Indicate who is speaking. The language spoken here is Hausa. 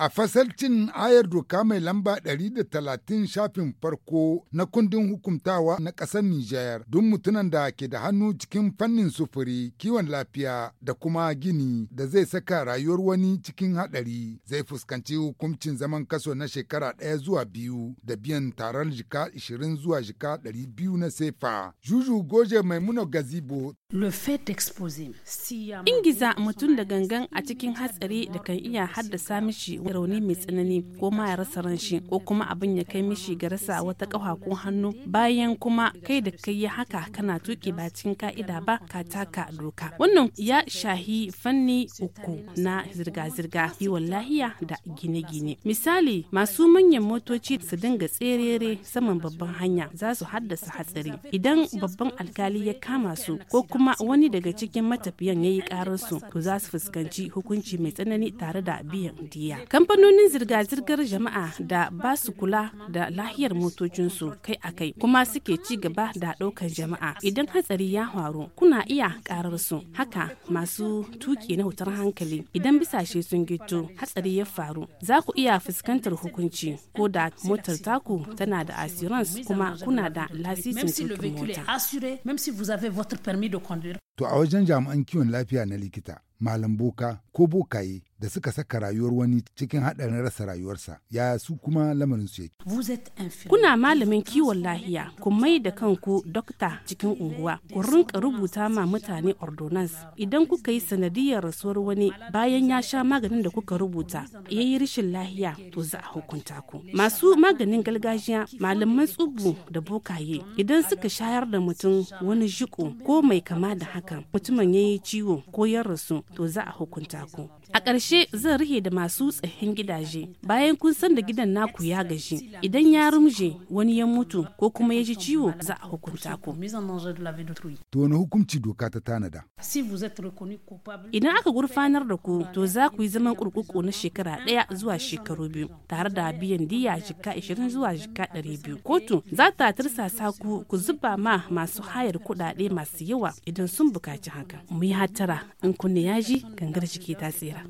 Speaker 1: A fasalcin ayar doka mai lamba 130 shafin farko na kundin hukumtawa na ƙasar Nijar, duk mutunan da ke da hannu cikin fannin sufuri, kiwon lafiya da kuma gini da zai saka rayuwar wani cikin haɗari zai fuskanci hukuncin zaman kaso na shekara ɗaya zuwa biyu da biyan taron jika 20 zuwa jika 200 na sefa. Juju Goje mai Gazibo.
Speaker 2: Ingiza mutum da gangan a cikin hatsari da kan iya haddasa mishi rauni mai tsanani ko ma ya rasa ran shi ko kuma abin ya kai mishi ga rasa wata kafa ko hannu bayan kuma kai da kai ya haka kana tuki ba cikin ka'ida ba ka taka doka wannan ya shahi fanni uku na zirga-zirga kiwon lahiya da gine-gine misali masu manyan motoci su dinga tserere saman babban hanya za su haddasa hatsari idan babban alkali ya kama su ko kuma wani daga cikin matafiyan ya yi karar su to za su fuskanci hukunci mai tsanani tare da biyan diya kamfanonin zirga-zirgar jama'a da ba su kula da lahiyar motocinsu kai a kai kuma suke ci gaba da ɗaukar jama'a idan hatsari ya faru kuna iya karar su haka masu tuki na wutar hankali idan bisashe sun gito hatsari ya faru za ku iya fuskantar hukunci ko da motar taku tana da assurance kuma kuna da lasisin tukin mota
Speaker 1: To a wajen jami'an kiwon lafiya na likita, malam boka ko bokaye da suka saka rayuwar wani cikin haɗarin rasa rayuwarsa ya su kuma lamarin su yake.
Speaker 2: Kuna malamin kiwon lahiya, ku mai da kanku dokta cikin unguwa, ku rinka rubuta ma mutane ordonance idan kuka yi sanadiyar rasuwar wani bayan ya sha maganin da kuka rubuta ya yi rashin lahiya to za a hukunta ku. Masu maganin gargajiya malaman tsubu da bokaye idan suka shayar da mutum wani jiko ko mai kama da haka haka mutumin ya yi ciwo ko ya rasu to za a hukunta ku a ƙarshe zan rihe da masu tsahin gidaje bayan kun san da gidan naku ya gaji idan ya rumje wani ya mutu ko kuma ya ji ciwo za a hukunta ku
Speaker 1: to wani hukunci doka ta tanada
Speaker 2: idan aka gurfanar da ku to za ku yi zaman kurkuku na shekara ɗaya zuwa shekaru biyu tare da biyan diya jika 20 zuwa jika 200 kotu za ta tirsasa ku ku zuba ma masu hayar kuɗaɗe masu yawa idan sun bukaci haka mu yi
Speaker 1: hattara in kunne yaji gangar jiki ta tsira